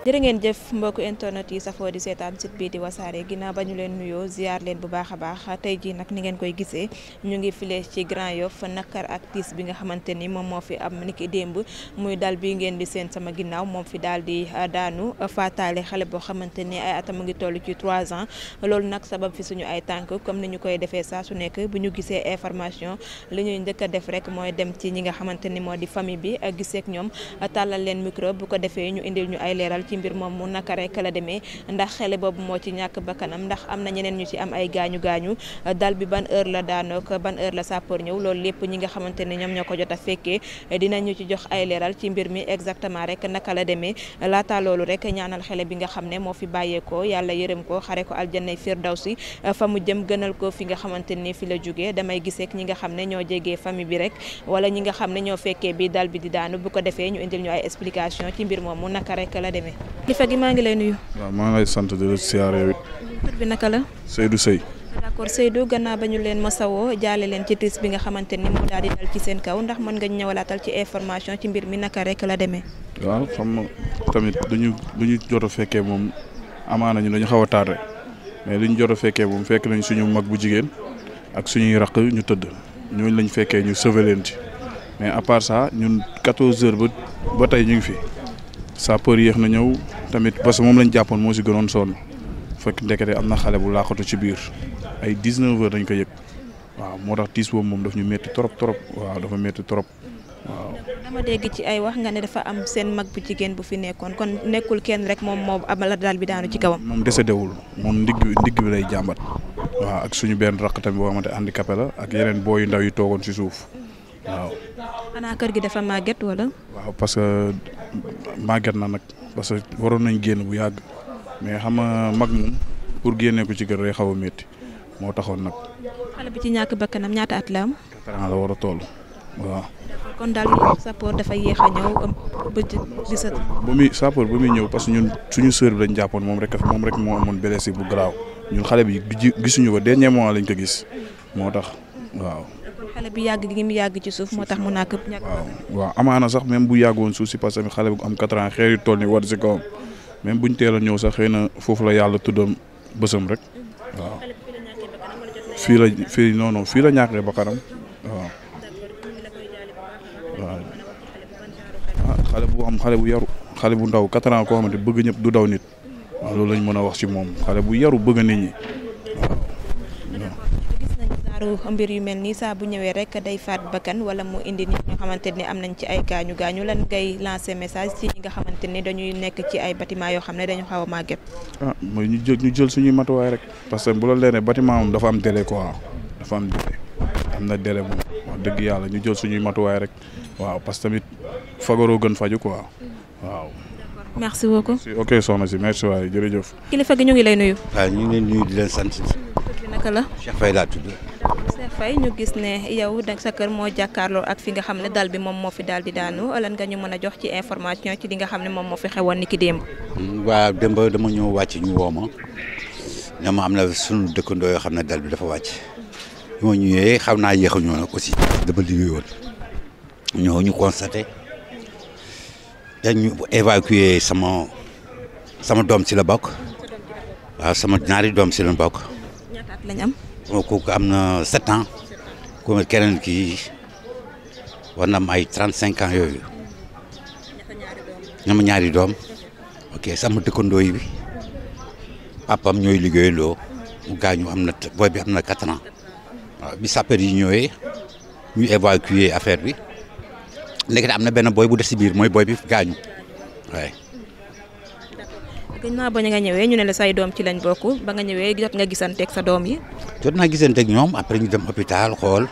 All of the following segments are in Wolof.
jërë ngeen jëf mbokku internet yi safoo di seetaan site bii di wasaare ginnaaw ba ñu leen nuyoo ziar leen bu baax a baax tey jii nag ni ngeen koy gisee ñu ngi file ci Grand Yoff nakar ak tiis bi nga xamante ni moom moo fi am niki démb muy dal bi ngeen di seen sama ginnaaw moom fi daal di ah, daanu faataale xale boo xamante ni ay atam ngi toll ci trois ans loolu nag sabab fi suñu ay tànk comme ni ñu koy defee saa su nekk bu ñu gisee information li ñuy njëkk a def rek mooy dem ci ñi nga xamante ni moo di famille bi gisee ak ñoom tàllal leen micro bu ko defee ñu indil ñu ay leeral ci mbir moom mu naka rek la demee ndax xele boobu moo ci ñàkk bakkanam ndax am na ñeneen ñu ci am ay gaañu gaañu dal bi ban heure la daanook ban heure la sapeur ñëw loolu lépp ñi nga xamante ne ñoom ñoo ko jot a fekkee ñu ci jox ay leeral ci mbir mi exactement rek naka la demee laata loolu rek ñaanal xele bi nga xam ne moo fi bàyyeekoo yàlla yërëm ko xare ko aljanay firdawsi si famu jëm gënal ko fi nga xamante ni fi la jógee damay giseek ñi nga xam ne ñoo jegee famille bi rek wala ñi nga xam ne ñoo fekkee bi dal bi di daanu bu ko defee ñu indil ñu ay explication ci mbir moom mu naka la demee kilifa gi maa ngi lay nuyu. waa maa ngi lay sant di la bi naka la. Seydou Seye. d'accord Seydou gannaaw ba ñu leen masawoo jaale leen ci tiis bi nga xamante ni moo daal dal ci seen kaw ndax mën nga ñëwalaatal ci information ci mbir mi naka rek la demee. waaw xam nga tamit lu ñu du ñu jot a fekkee moom amaana ñu dañu xaw a tardé mais lu ñu jot a fekkee moom fekk nañ suñu mag bu jigéen ak suñuy raq ñu tëdd ñooñu lañ fekkee ñu sauvé leen ci mais à part ça ñun 14 heures ba ba tey ñu ngi fi. sapeur yéex na ñëw tamit parce que moom lañ jàppoon moo si gënoon sonn fekk ndekete am na xale bu laaxatu ci biir ay 19 heures dañ ko yëg waaw moo tax tiis boobu moom daf ñu métti trop trop waaw dafa métti trop waaw. dama ci ay wax nga ne dafa am seen mag bu jigéen bu fi nekkoon kon nekkul kenn rek moom moo abala daal bi daanu ci kawam. moom décédé wul moom ndigg bi bi lay jàmbat. waaw ak suñu benn raq tamit boo xamante handicapé la ak yeneen booy yu ndaw yu toogoon si suuf waaw. xanaa kër gi dafa màgget wala. waaw parce màgget na nag parce que waroon nañ génn bu yàgg mais xam nga mag moom pour génne ko ci kër day xaw a métti moo taxoon nag. ci ñàkk bakkanam ñaata at la am. quatre war a toll waaw. kon daal sapeur dafa yéex a ñëw ba dix muy sapeur ba muy ñëw parce que ñun suñu sœur bi lañ jàppoon moom rek moom rek moo amoon blessé bu garaaw ñun xale bi gisuñu ko dernier mois lañ ko gis moo tax waaw. xale bi yàgg gi mu ci suuf moo tax mu nàkk ñàkk waaw amaana sax même bu yàggoon suuf si parce que xale bu am quatre ans xeer yu toll ni war si kawam même buñ teel ñëw sax xëy na foofu la yàlla tuddam bësam rek waaw fii la fii non fii la ñàkkee ba kanam waaw ah, xale bu am xale bu yaru xale bu ndaw quatre ans koo xamante bëgg ñëpp du daw nit waaw loolu lañ mën a wax ci moom xale bu yaru bëgg nit ñi xaaru mbir yu mel nii saa bu ñëwee rek day faat bakkan wala mu indi nit ñoo xamante ni am nañ ci ay gaañu gaañu lan ngay lancer message ci ñi nga xamante ni dañuy nekk ci ay batiment yoo xam ne dañu xaw a màgget. ah ñu jël ñu jël suñuy matuwaay rek. parce que bu la leeree bâtiment moom am délai quoi dafa am am na délai dëgg yàlla ñu jël suñuy matuwaay rek waaw parce que tamit fagaroo gën faju quoi waaw. merci si ok soxna si merci waay jërëjëf. kilifa gi ñu ngi lay nuyu. waaw ñu ngi leen nuyu di leen sant. naka la laa tudd. Faye ñu gis ne yow nag sa kër moo jàkkaarloo ak fi nga xam ne dal bi moom moo fi daal di daanu lan nga ñu mën a jox ci information ci dinga xam ne moom moo fi xewoon ni ki démb. waa démb dama ñëw wàcc ñu woo ma ne ma am na sunu dëkkandoo yoo xam ne dal bi dafa wàcc bi ma ñëwee xam naa yéex a aussi dama liggéeyoon ñoo ñu constaté dañu évacué sama sama doom si la bokk waaw sama ñaari doom si la bokk. lañ am. kooku am na sept ans ku keneen kii war na am ay trente cinq ans yooyu ñam ñaari doom ok sama dëkkandoo yi bi papam ñooy liggéeyandoo mu gaañu am na booy bi am na quatre ans waaw bi sapeur yi ñëwee ñu évacuer affaire bi ndekete am na benn booy bu des si biir mooy booy bi gaañu waaye gëj naa ba nga ñëwee ñu ne la say doom ci lañ bokk ba nga ñëwee jot nga gisanteeg sa doom yi. jot naa gisanteeg ñoom après ñu dem hôpital xool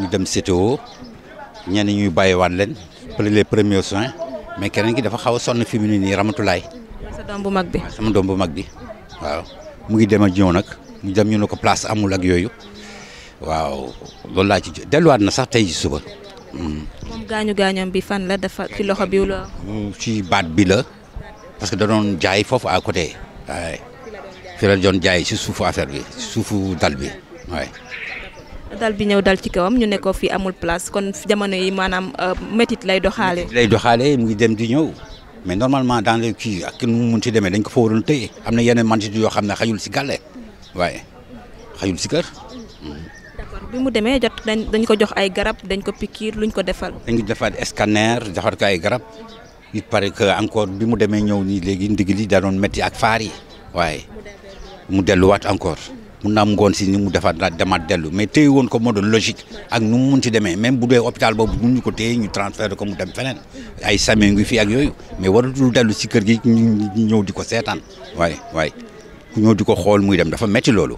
ñu dem CTO ñenn ñuy bàyyiwaat leen les premiers soins mais keneen ki dafa xaw sonn fi mu nii ramatulaay. sa doom bu mag bi sama doom bu mag bi waaw mu ngi dem ak ñëw nag mu dem ñu ne ko place amul ak yooyu waaw loolu laa ci delluwaat na sax tey ci suba. Hmm. moom gaañu gaañoom bi fan la dafa ci loxo bi hmm, ci baat bi la. parce que da jaay foofu à côté waaye fi jaay si suufu affaire bi suufu dal bi dal bi ñëw dal ci kawam ñu nekkoo ko fii amul place kon jamono yi maanaam euh, métit lay doxaale. lay doxaale mu ngi dem di ñëw mais normalement dans les kii ak nu mu munti demee dañ ko fa waroon tëye am na yeneen mantitu yoo xam ne xajul si gàlle waaye xajul si kër. bi mu demee jot dañ ko jox ay garab dañ ko pikiir luñ ko defal. dañ ko defaat scanner joxaat ko ay garab il que encore bi mu demee ñëw nii léegi ndigal yi da doon métti ak faar yi waaye mu delluwaat encore mun na am ngoon si ni mu defaat demaat dellu mais téye woon ko moo doon mu mun ci demee même bu dee hôpital ko téye ñu transféré fi ak yooyu mais waratul dellu si kër gi ñu di ko seetaan waaye waaye ku ñëw di ko xool muy dem dafa métti loolu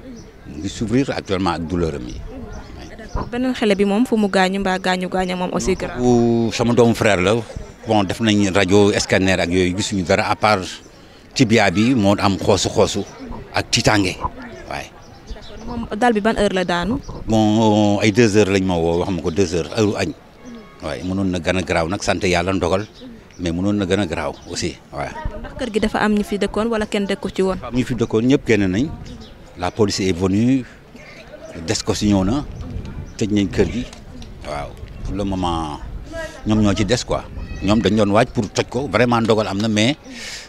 mu ngi souffrir actuellement ak douleur am yi. beneen doomu frère la. bon def nañ rajo scanner ak yooyu gisuñu dara à part tibia bi moo am xoosu xoosu ak tiitaange waaye. daal bi ban heure la daanu. bon ay deux heures lañ ma woo wax ma ko deux heures heure añ. waaye mënoon na gën a garaaw nag sant yàlla ndogal mais munoon na gën a garaaw aussi waa kër gi dafa am ñu fi dëkkoon wala kenn dëkku ci woon. am ñu fi dëkkoon ñëpp génn nañ la police est venue des ko si ñëw na tëj nañ kër gi waaw pour le moment ñoom ñoo ci des quoi. ñoom dañ doon waaj pour toj ko vraiment ndogal am na mais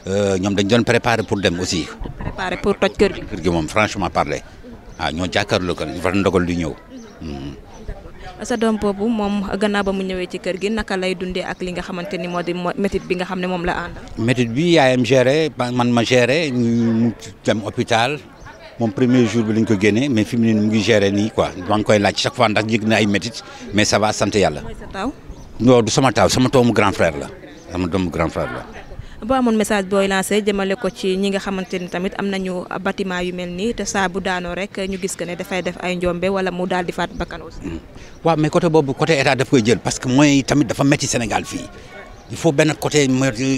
euh, ñoom dañ doon préparer pour dem aussi. préparer pour toj kër bi kër gi moom franchement parler ah ñoo jàkkaarloo ko war ndogal du ñëw. Mm. sa doom boobu moom gannaaw ba mu ñëwee ci kër gi naka lay dundee ak li nga xamante ni moo di métit bi nga xam ne moom la àndal. métit bi yaayam géré man ma géré mu dem hôpital moom premier jour bi lañ ko génnee mais fi mu ne mu ngi géré nii quoi maa ngi koy laaj chaque fois ndax yëg na ay métit mais ça va sant yàlla. non sama taaw sama doomu grand frère la sama doomu grand frère la. boo amoon message booy lancé jëmale ko ci ñi nga xamante ni tamit am nañu bâtiment yu mel nii te saabu daanoo rek ñu gis que ne dafay def ay njombe wala mu daal di faat bakkan aussi. Mm. waaw mais côté boobu côté état daf koy jël parce que mooy tamit dafa metti Sénégal fii il faut benn côté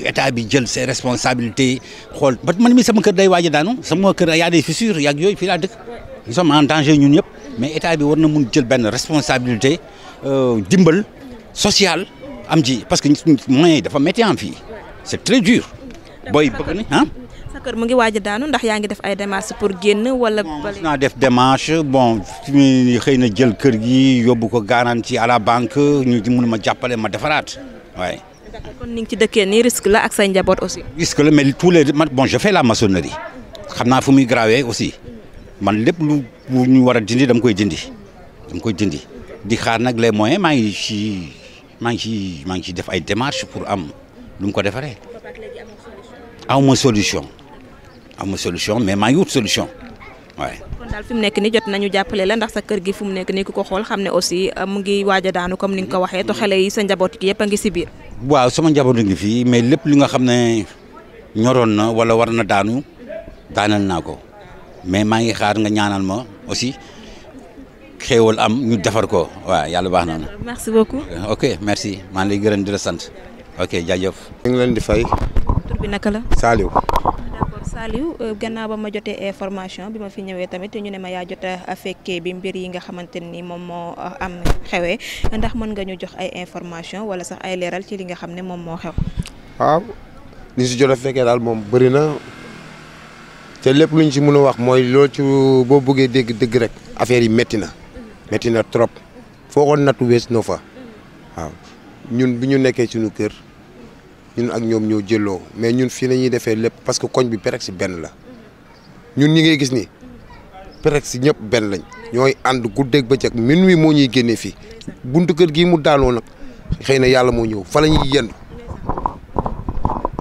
état bi jël ses responsabilités xool ba man mi sama kër day waaj a daanu sama kër y a des fissures yàgg yooyu fii laa dëkk nous sommes en danger mais état bi war na mun jël benn responsabilité euh, dimbal. sociale am ji parce que moyens yi dafa métien fii c'est très dur. booy bëgg na ah. sa kër mu ngi waaj a daanu ndax yaa ngi def ay démarches pour génn wala. mos naa def démarche bon fi xëy na jël kër gi yóbbu ko garantie à la banque ñu mun ma jàppale ma defaraat waaye. kon ni nga ci dëkkee nii risque la ak say njaboot aussi. risque la mais tous les bon je fais la maçonnerie xam naa fu muy gravé aussi man lépp lu ñu war a dindi dama koy dindi dama koy dindi di xaar nag les moyens maa ngi ci. maa ngi ci maa ngi ciy def ay démarches pour am lu mu ko defaree. aw ma solution. aw ma solution mais maa ngi wut solution waaye. kon daal nekk nii jot nañu jàppale la ndax sa kër gi fu mu nekk nii ku ko xool xam ne aussi euh, mu ngi waaj a daanu comme ni nga ko waxee te xale yi sa njaboot gi yëpp a ngi si biir. waaw sama njaboot ngi fii mais lépp li nga xam ne ñoroon na wala war na daanu daanal naa ko mais maa ngi xaar nga ñaanal ma aussi. xéewal am ñu defar ko waaw yàlla baax na. merci beaucoup. Euh, ok merci maa ngi lay di la sant ok jaajëf. ñu ngi leen di fay. tur bi naka la. Saliou. Euh, gannaaw ba ma jotee information bi ma fi ñëwee tamit ñu ne ma yaa jot a fekkee bi mbir yi nga xamante ni moom moo euh, am xewee ndax mën nga ñu jox ay information wala sax ay leeral ci li nga xam ne moom moo xew. waaw li si jot a fekkee daal moom bëri na te lépp lu ñu si mën a wax mooy loolu ci boo buggee dégg dëgg rek affaire yi métti na. métti na trop foogoon nattu wees noo fa waaw ñun bu ñu nekkee suñu kër ñun ak ñoom ñoo jëloo mais ñun fii la defee lépp parce que koñ bi perex si benn la ñun ñi ngay gis ni perex si ñëpp benn lañ ñooy ànd guddeeg bëccëg minuit moo ñuy génnee fii buntu kër gi mu daanoo nag xëy na yàlla moo ñëw fa la ñuy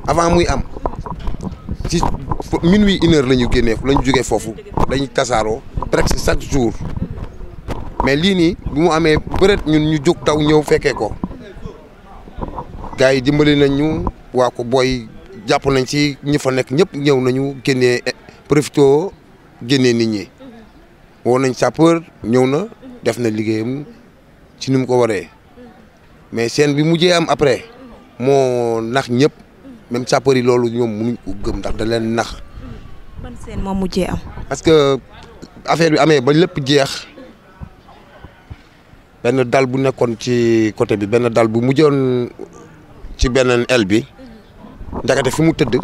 avant muy am ci minuit une heure la ñu génnee la ñu jógee foofu dañuy tasaaroo presque chaque jour mais lii nii bu mu amee bëreet ñun ñu jóg taw ñëw fekkee ko gars yi dimbali nañ ñu waa ko booy jàpp nañ ci ñi fa nekk ñëpp ñëw nañu génne profito génnee nit ñi woo nañ sapeur ñëw na def na liggéeyam ci ni ko waree mais seen bi mujjee am après moo nax ñëpp même sapeur yi loolu ñoom mënuñ ko gëm ndax da leen nax. man seen parce que affaire bi amee ba lépp jeex. benn dal bu nekkoon ci côté bi benn dal bu mujjoon ci beneen el bi ndekete fi mu tëdd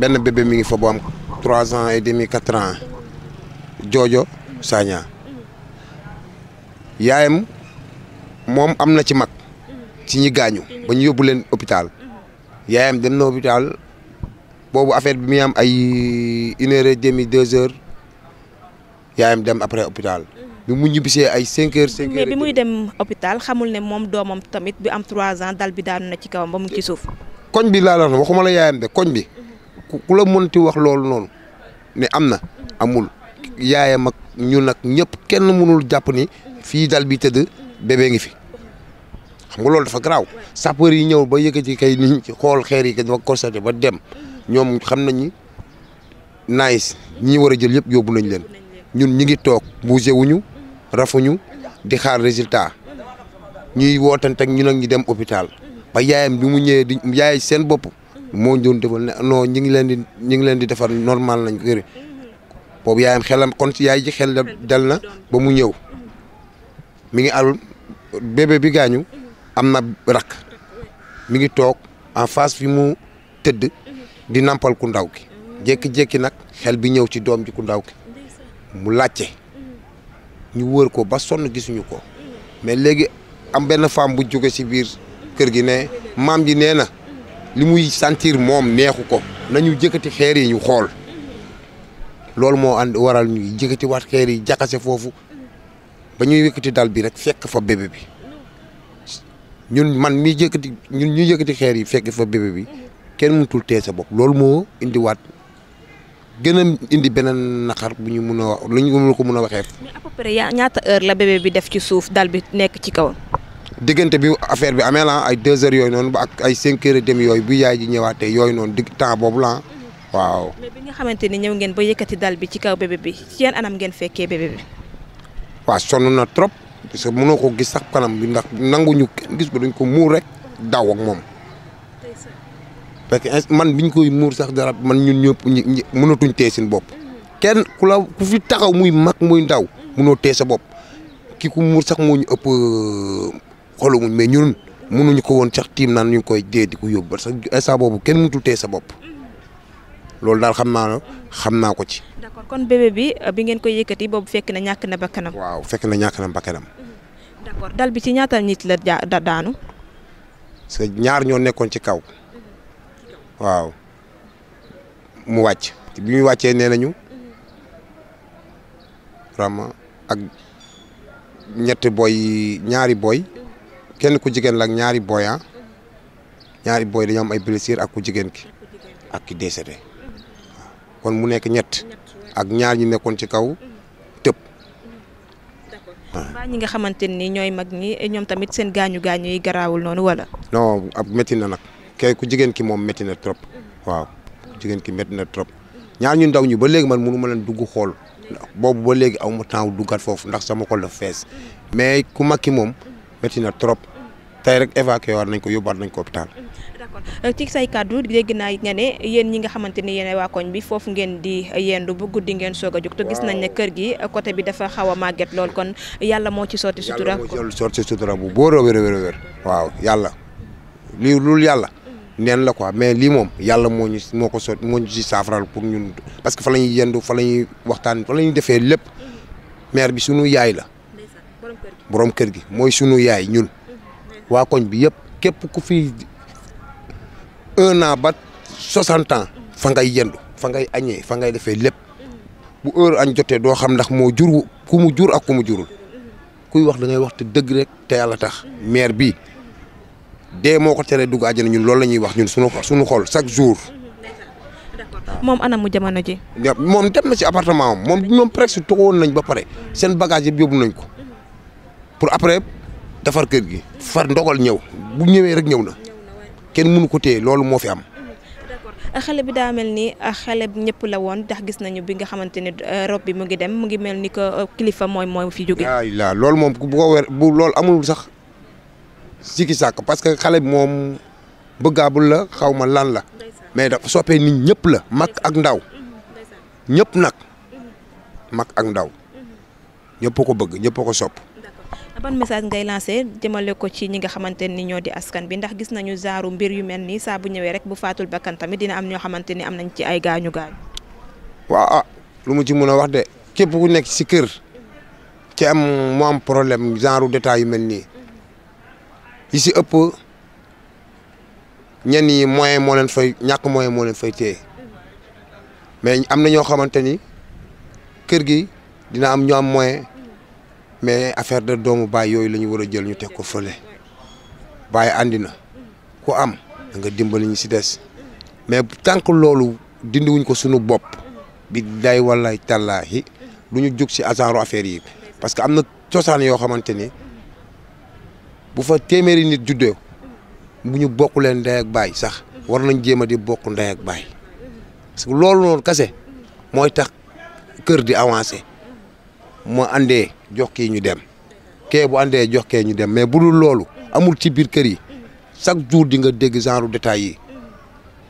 benn bébé mi ngi fa bu trois ans et demi quatre ans joojo Sagna yaayam moom am na ci mag ci ñi gaañu ba ñu yóbbu leen hôpital yaayam dem na hôpital boobu affaire bi muy am ay une heure et demie deux heures yaayam dem après hôpital bi mu ñibbisee ay 5 heures 5 heures mais bi muy dem hôpital xamul ne moom doomam tamit bi am 3 ans dal bi daanu na ci kawam ba mu ci suuf. koñ bi laa la wax waxuma la yaayam de koñ bi ku la mënti wax loolu noonu ne am na amul yaayam ak ñun ak ñëpp kenn mënul jàpp ni fii dal bi tëdd bébé ngi fi. xam nga loolu dafa garaaw sapeur yi ñëw ba yëkkati kay ni xool xeer yi kay ba constaté ba dem ñoom xam nañ ni nice ñi war a jël yëpp yóbbu nañ leen ñun ñi ngi toog bougé wuñu rafuñu di xaar résultat ñuy wootante ak ñun ak ñu dem hôpital ba yaayam bi mu ñëwee di yaay seen bopp moo doon defal ne non ñu ngi leen di ñu ngi leen di defar normal nañ ko boobu yaayam xelam kon si yaay ji xel dal na ba mu ñëw mi ngi alul bébé bi gaañu am na rakk mi ngi toog en face fi mu tëdd di nampal ku ndaw ki jékki-jékki nag xel bi ñëw ci doom ji ku ndaw ki mu laajte. ñu wër ko ba sonn gisuñu ko mais léegi am benn femme bu jóge ci biir kër gi ne maam ji nee na li muy sentir moom neexu ko nañu jëkkati xeer yi ñu xool loolu moo ànd waral ñuy jëkkati waat xeer yi jaxase foofu ba ñuy yëkkati dal bi rek fekk fa bébé bi ñun man mi yëkkati ñun ñu yëkkati xeer yi fekk fa bébé bi kenn mënatul tee sa bopp loolu moo indiwaat gën indi beneen naqar bu ñu mun a wax lu ñu ko mun a waxee. mais à peu près ñaata heure la bébé bi def ci suuf dal bi nekk ci kaw diggante bi affaire bi amee la ay deux heures yooyu noonu ba ak ay cinq heures et demi yooyu bu yaay ji ñëwaatee yooyu noonu digg temps boobu la waaw. Mm-hmm. mais bi nga xamante ni ñëw ngeen ba yëkkati dal bi ci kaw bébé bi ci yan anam ngeen fekkee bébé bi. waaw sonn na trop parce que mënoo ko gis sax kanam bi ñu nanguñu kenn gis ba dañ ko muur rek daw ak moom. parce que man biñ koy muur sax dara man ñun ñëpp ñu mënatuñ tee seen bopp kenn ku la ku fi taxaw muy mag muy ndaw mënoo tee sa bopp ki ku muur sax moo ñu ëpp euh, xolu muñ mais ñun mënuñu ko woon sax tiim naan ñu koy dee di ko yóbbu parce que instant boobu kenn mënatu tee sa bopp loolu daal xam naa xam naa ko ci. d'accord kon bébé bi euh, bi ngeen koy yëkkati boobu fekk na ñàkk na bakkanam. waaw fekk na ñàkk na bakkanam. d'accord dal bi ci ñaata nit la daanu. parce que ñaar ñoo nekkoon ci kaw. waaw mu wàcc bi muy wàccee nee nañu rama ak ñetti boy ñaari booy kenn ku jigéen la ñaari boy ah. ñaari boy dañoo ay blessure ak ku jigéen ki ak ki décédé kon mu nekk ñett ak ñaar ñi nekkoon ci kaw tëb. waaw ñi nga xamante ni ñooy mag ñi ñoom tamit seen gaañu gaañu yi garaawul noonu wala. non ab métti na nag. kay ku jigéen ki moom métti na trop waaw ku jigéen ki métti na trop ñaar ñu ndaw ñu ba léegi man mënu ma leen dugg xool boobu ba léegi aw ma temps duggaat foofu ndax sama xol dafa fees mais ku mag ki moom metti na trop tey rek évacué waat nañ ko yóbbaat nañ ko hôpital. d'accord euh, ci say kàddu dégg naa nga ne yéen ñi nga xamante ni yéen waa koñ bi foofu ngeen di yendu bu guddi ngeen soog a jóg. te gis nañ ne kër gi côté bi dafa xaw a màgget lool kon yàlla moo ci sotti. sutura yàlla moo ci sotti bu bóor a yàlla lii neen la ko mais lii moom yàlla moo ñu moo ko sot moo ñu si saafaral pour ñun parce que falañu la ñuy yendu fa waxtaan fa ñuy defee lépp maire bi sunu yaay la boroom kër gi mooy sunu yaay ñun waa koñ bi yëpp képp ku fi un an ba soixante ans fa ngay yendu fa ngay añee fa ngay defee lépp bu heure añ jotee doo xam ndax moo jur ku mu jur ak ku mu jurul kuy wax da ngay wax te dëgg rek te yàlla tax maire bi dee moo ko teree dugg àjjana nañu loolu la ñuy wax ñun suñu suñu xol chaque jour. moom anam mu jamono ji. moom dem na ci appartement am moom ñoom presque woon nañ ba pare seen bagage yëpp nañ ko pour après defar kër gi far ndogal ñëw bu ñëwee rek ñëw na kenn mënu ko téye loolu moo fi am. xale bi daa mel ni ah, xale ñëpp la woon ndax gis nañu bi nga xamante ne euh, rob bi mu ngi dem mu ngi mel ni ko euh, kilifa mooy mooy fi jóge. waaw loolu moom bu ko wér bu loolu amul sax sikki sàkk parce que xale bi moom bëggaabul la xaw ma lan la mais dafa soppee nit ñëpp la mag ak ndaw mhm, ñëpp nag mhm. mag ak ndaw mhm. ñëpp ko bëgg ñëpp ko sopp ban message ngay lancé jëmale ko ci ñi nga xamante ni ñoo di askan bi ndax gis nañu zaaru mbir yu mel nii saa bu ñëwee rek bu faatul bakkan tamit dina am ñoo xamante ni am nañ ci ay gaañu gaañu. waaw ah lu mu ci mën a wax de képp ku nekk si kër ci am mu am problème genre détail yu mel nii yi si ëpp ñenn yi moyen moo leen fay ñàkk moyen moo leen fay téye mais am na ñoo xamante ni kër gi dina am ñoo am moyen mais affaire de doomu baay yooyu la ñu war a jël ñu teg ko fële bàyyi àndi ku am da nga dimbali ñu si des mais tànk loolu dindi wuñ ko sunu bopp bi day wallay tallaahi du ñu jug si agent affaire yi parce que am na cosaan yoo xamante ni. bu fa téeméeri nit juddoo bu ñu bokk leen ndey ak baay sax war nañ jéem a di bokk ndey ak baay parce loolu noonu kese mooy tax kër di avancé moo àndee jox ki ñu dem kee bu àndee jox kee ñu dem mais bu dul loolu amul ci biir kër yi chaque jour di nga dégg genre détails yi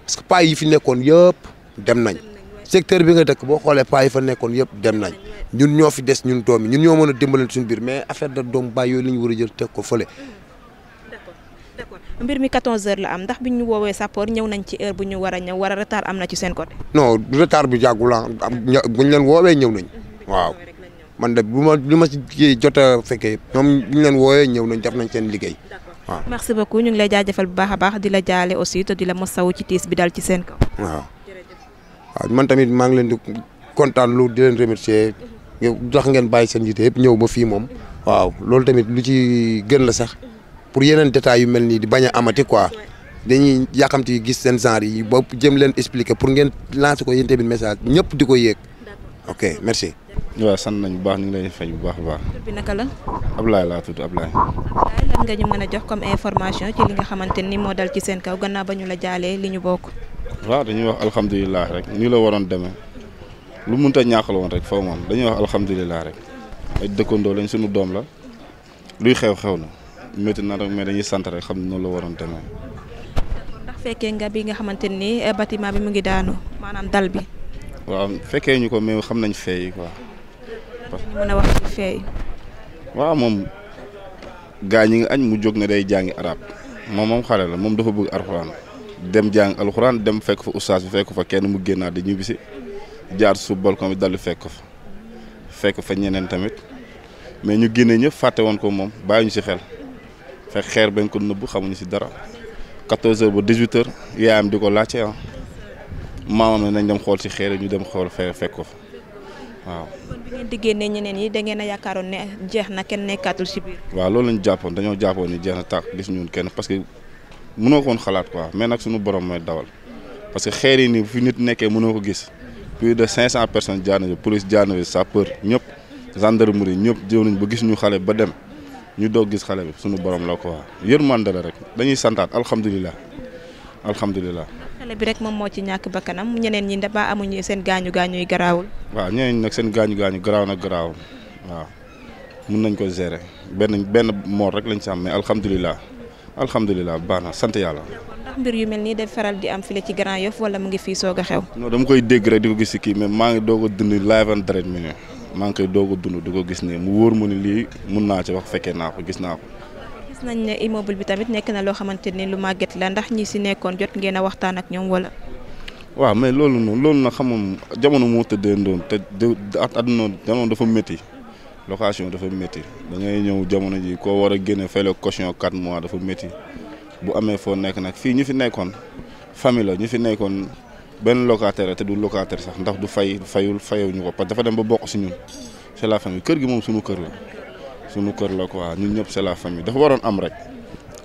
parce que paa yi fi nekkoon yëpp dem nañ. secteur bi nga dëkk boo xoolee paa yi fa nekkoon yëpp dem nañ ñun ñoo fi des ñun doom yi ñun ñoo mën a dimbalante suñu biir mais affaire de doom baay yooyu la ñu a jël teg ko fële. d'accord mbir mi 14h la am ndax bu ñu woowee sapeur ñëw nañ ci heure bu ñu war a ñëw war a retard am na ci seen ko non retard bi jàggul ah bu ñu leen woowee ñëw nañ. waaw man de bu ma li ma si jot a fekkee ñoom ñu leen woowee ñëw nañ def nañ seen liggéey. waaw merci beaucoup ñu ngi lay jaajëfal bu baax a baax di la jaale aussi te di la ci tiis bi dal ci seen kaw. waaw man tamit maa ngi leen di kontaan lu di leen remercier tax ngeen bàyyi seen yite ñëw ba fii moom waaw loolu tamit lu ci gën la sax pour yeneen détails yu mel nii di bañ a amati quoi dañuy yàqamti gis seen genre yi ba jëm leen expliquer pour ngeen lancer ko yéen tamit message ñëpp di ko yéeg ok merci. waaw sant nañ bu baax ñu ngi lay fay bu baax a baax. tur bi la. Ablaye laa tudd Ablaye. a jox waaw dañuy wax alhamdulilah rek nii la waroon demee lu mënta ñàkk la woon rek faw moom dañuy wax alhamdulilah rek ay dëkkandoo lañ suñu doom la luy xew xew na métti na rek mais dañuy sant rek xam ne noonu la waroon demee. ndax fekkee nga bi nga xamante ni eh, bâtiment bi mu ngi daanu maanaam dal bi. waaw fekkee ñu ko mais xam nañ feey quoi. parce que mën moom gaa ñi ngi añ mu jóg ne day jàngi arab moom moom xale la moom dafa bugg arxuraan. dem jàng alxuraan dem fekk fa oustaz bi fekk fa kenn mu génnaat di ñibbisi jaar suuf balcon bi daldi fekk fa fekk fa ñeneen tamit mais ñu génnee ñëpp fàtte woon ko moom bàyyi ñu ci xel fekk xeer bañ ko nëbb xamuñu si dara 14 heures ba 18 heures yaayam di ko laajte ah maamam ne nañ dem xool si xeer yi ñu dem xool fekk fa waaw. kon bi ngeen di génnee ñeneen yi da ngeen yaakaaroon ne jeex na kenn nekkaatul ci biir. waaw loolu lañ jàppoon dañoo jàppoon ni jeex na tàq kenn parce que. mënoo koon xalaat quoi mais nag suñu borom mooy dawal parce que xeer yi nii fi nit nekkee mënoo ko gis plus de 500 personnes jaar nañu police jaar nañu sapeur ñëpp gendarmerie ñëpp jëw nañ ba gis ñu xale ba dem ñu doog gis xale bi suñu borom la quoi yërmande la rek dañuy santaat alhamdulilah alhamdulilah. xale bi rek moom moo ci ñàkk bakkanam ñeneen ñi dafa amuñu seen gaañu gaañu yi garaawul. waaw ñeneen nag seen gaañu gaañu garaaw na garaawul waaw mun nañ ko gérer benn benn moor rek lañ ci am mais alhamdulilah baax na sant yàlla. ndax mbir yu mel nii de feral di am file ci Grand Yoff wala mu ngi fii soog a xew. non dama koy dégg rek di ko gis si kii mais maa ngi doog a dund live maa ngi koy doog dund di ko gis nii mu wóor ma ni lii mun naa ci wax fekkee naa ko gis naa ko. gis nañ ne immeuble bi tamit nekk na loo xamante ni lu màgget la ndax ñi si nekkoon jot ngeen a waxtaan ak ñoom wala. waaw mais loolu noonu loolu nag xam jamono moo tëddee ndoon te at àdduna jamono dafa métti. location dafa métti da ngay ñëw jamono ji koo war a génne fay la caution 4 mois dafa métti bu amee foo nekk nag fii ñu fi nekkoon famille la ñu fi nekkoon benn locataire te du locataire sax ndax du fay fayul fayewuñu ko parce dafa dem ba bokk si ñun c'est la famille kër gi moom suñu kër la sunu kër la quoi ñun ñëpp c'est la famille dafa waroon am rek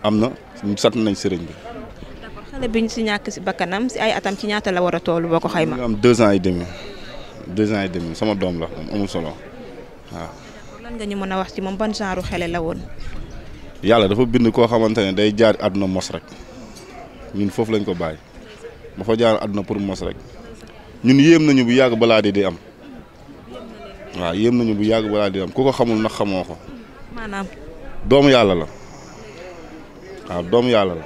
am na sant nañ sëriñ bi. d'accord xale bi ñu si ñàkk si bakkanam si ay atam ci ñaata la war a toll boo ko xayma. am deux ans et demi deux ans et sama doom la moom amul solo waaw. lan ñu mën a wax ci moom ban genre xele la woon. yàlla dafa bind koo xamante ne day jaar àdduna mos rek ñun foofu lañ ko bàyyi fa jaar àdduna pour mos rek ñun yéem nañu bu yàgg balaa di di am waaw yéem nañu bu yàgg balaa di am ku ko xamul na xamoo ko. maanaam. doomu yàlla la waaw doomu yàlla la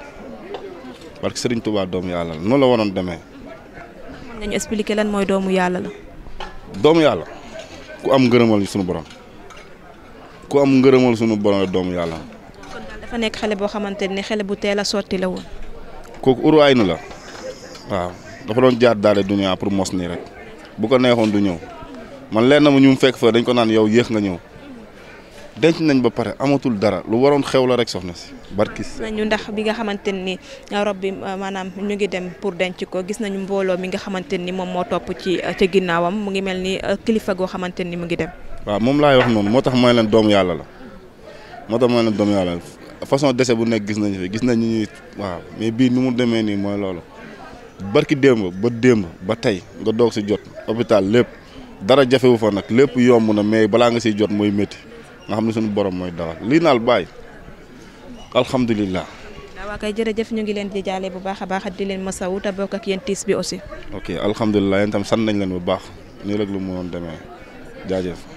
parce que ñu Touba doomu yàlla la noonu la waroon demee. mën nga ñu mooy doomu yàlla la. doomu yàlla ku am ngërëmal sunu borom. ku am ngërëmal sunu borom doomu yàlla. kon dafa nekk xale boo xamante ne xale bu teel a sotti la woon. kooku uruwaay nu la waaw dafa doon jaar daale dunya pour mos nii rek bu ko neexoon du ñëw man leen na ma ñu mu fekk fa dañ ko naan yow yéex nga ñëw. denc nañ ba pare amatul dara lu waroon xew la rek soxna si barki nañu ndax bi nga xamante ni uh, rob bi uh, maanaam ngi dem pour denc ko gis nañu mbooloo mi nga xamante ni moom moo topp ci uh, ca ginnaawam mu ngi mel ni kilifa goo xamante ni mu ngi dem. waaw moom laay wax noonu moo tax mooy leen doomu yàlla la moo tax mooy leen doom yàlla la façon décès bu nekk gis nañu fi gis nañu ñuy waaw mais bii ni mu demee nii mooy loolu barki démb ba démb ba tey nga doog si jot hôpital lépp dara jafewu fa nag lépp yomb na mais balaa nga siy jot mooy métti. nga xam ne suñu borom mooy dawal lii naal bàyyi alhamdulilah. waaw kay jëf ñu ngi leen di jaale bu baax a baax a di leen masawu te bokk ak yéen tiis bi aussi. ok alhamdulilah yéen tam sant nañ leen bu baax nii rek lu mu mënoon demee jaajëf.